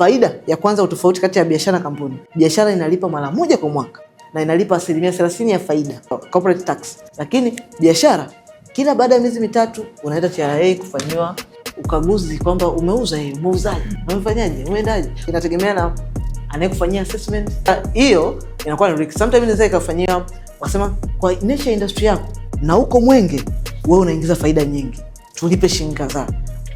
Faida ya kwanza, utofauti kati ya biashara na kampuni. Biashara inalipa mara moja kwa mwaka na inalipa asilimia 30 ya faida corporate tax, lakini biashara kila baada ya miezi mitatu unaenda TRA kufanyiwa ukaguzi kwamba umeuza hii, umeuzaje, umefanyaje, umeendaje. Inategemea na anayekufanyia assessment ah, hiyo, inakuwa ni risk sometimes. Inaweza ikafanyiwa wasema kwa nature industry yako na uko Mwenge wewe unaingiza faida nyingi, tulipe shilingi kadhaa,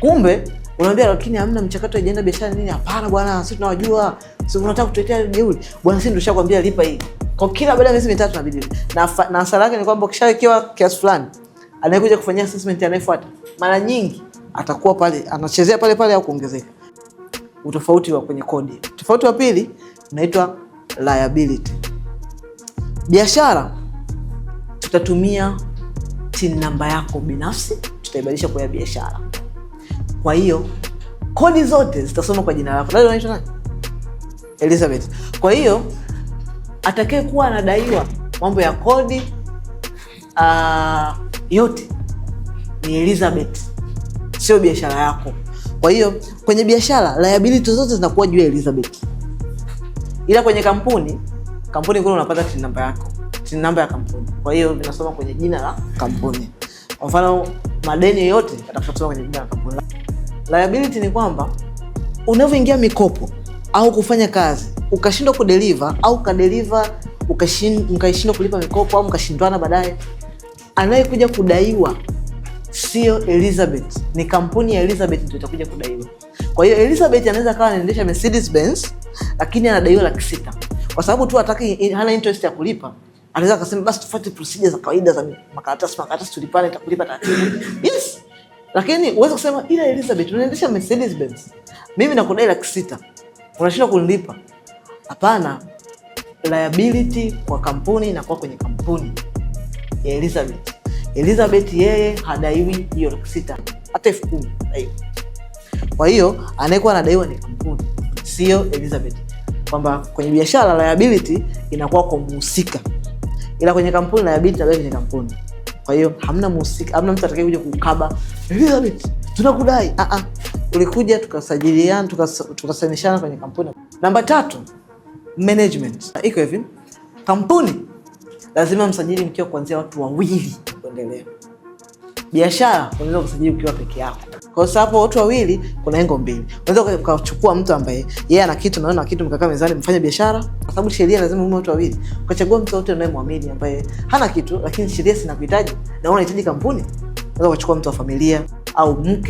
kumbe Unaambia lakini hamna mchakato ajenda biashara nini? Hapana bwana, sisi tunawajua. Sisi tunataka kutetea jeuri. Bwana, sisi ndoshakwambia lipa hii. Kwa kila baada ya miezi mitatu nabidi Na na hasara yake ni kwamba ukishawekewa kiasi fulani, anayekuja kufanyia assessment anayefuata, mara nyingi atakuwa pale anachezea pale pale au kuongezeka. Utofauti wa kwenye kodi. Tofauti wa pili unaitwa liability. Biashara tutatumia TIN namba yako binafsi, tutaibadilisha kwa ya biashara. Kwa hiyo kodi zote zitasoma kwa jina lako. Dada unaitwa nani? Elizabeth. Kwa hiyo atakaye kuwa anadaiwa mambo ya kodi uh, yote ni Elizabeth, sio biashara yako. Kwa hiyo kwenye biashara liability zote zinakuwa juu ya Elizabeth, ila kwenye kampuni, kampuni kule unapata TIN namba yako, TIN namba ya kampuni. Kwa hiyo vinasoma kwenye jina la kampuni. Kwa mfano madeni yote yatakusoma kwenye jina la kampuni. Liability ni kwamba unavyoingia mikopo au kufanya kazi ukashindwa kudeliver au kadeliver mkashindwa kulipa mikopo au mkashindwana baadaye, anayekuja kudaiwa sio Elizabeth, ni kampuni ya Elizabeth ndio itakuja kudaiwa. Kwa hiyo Elizabeth anaweza kawa anaendesha Mercedes Benz, lakini anadaiwa laki sita kwa sababu tu hataki, hana interest ya kulipa. Anaweza akasema basi tufuate procedure za kawaida za makaratasi, makaratasi tulipane, itakulipa taratibu yes lakini uweze kusema ila Elizabeth unaendesha Mercedes Benz. Mimi nakudai laki sita. Unashinda kunilipa. Hapana. Liability kwa kampuni na kwa kwenye kampuni ya Elizabeth. Elizabeth yeye hadaiwi hiyo laki sita hata elfu kumi. Kwa hiyo anayekuwa anadaiwa ni kampuni, sio Elizabeth. Kwamba kwenye biashara liability inakuwa kwa mhusika, ila kwenye kampuni liability inabaki kwenye kampuni. Kwa hiyo hamna mhusika, hamna mtu atakaye kuja kukaba tunakudai. Ah, ah, ulikuja tukasajiliana, tukasainishana kwenye kampuni. Namba tatu, management iko hivi, kampuni lazima msajili mkiwa kuanzia watu wawili kuendelea. Biashara unaweza kusajili ukiwa peke yako. Kwa hiyo hapo watu wawili, kuna engo mbili. Unaweza ukachukua mtu ambaye yeye ana kitu una kitu, mkakaa mezani mfanye biashara, kwa sababu sheria lazima mume watu wawili. Ukachagua mtu wote unayemwamini ambaye hana kitu, lakini sheria sinakuhitaji na unahitaji kampuni, unaweza ukachukua mtu wa familia au mke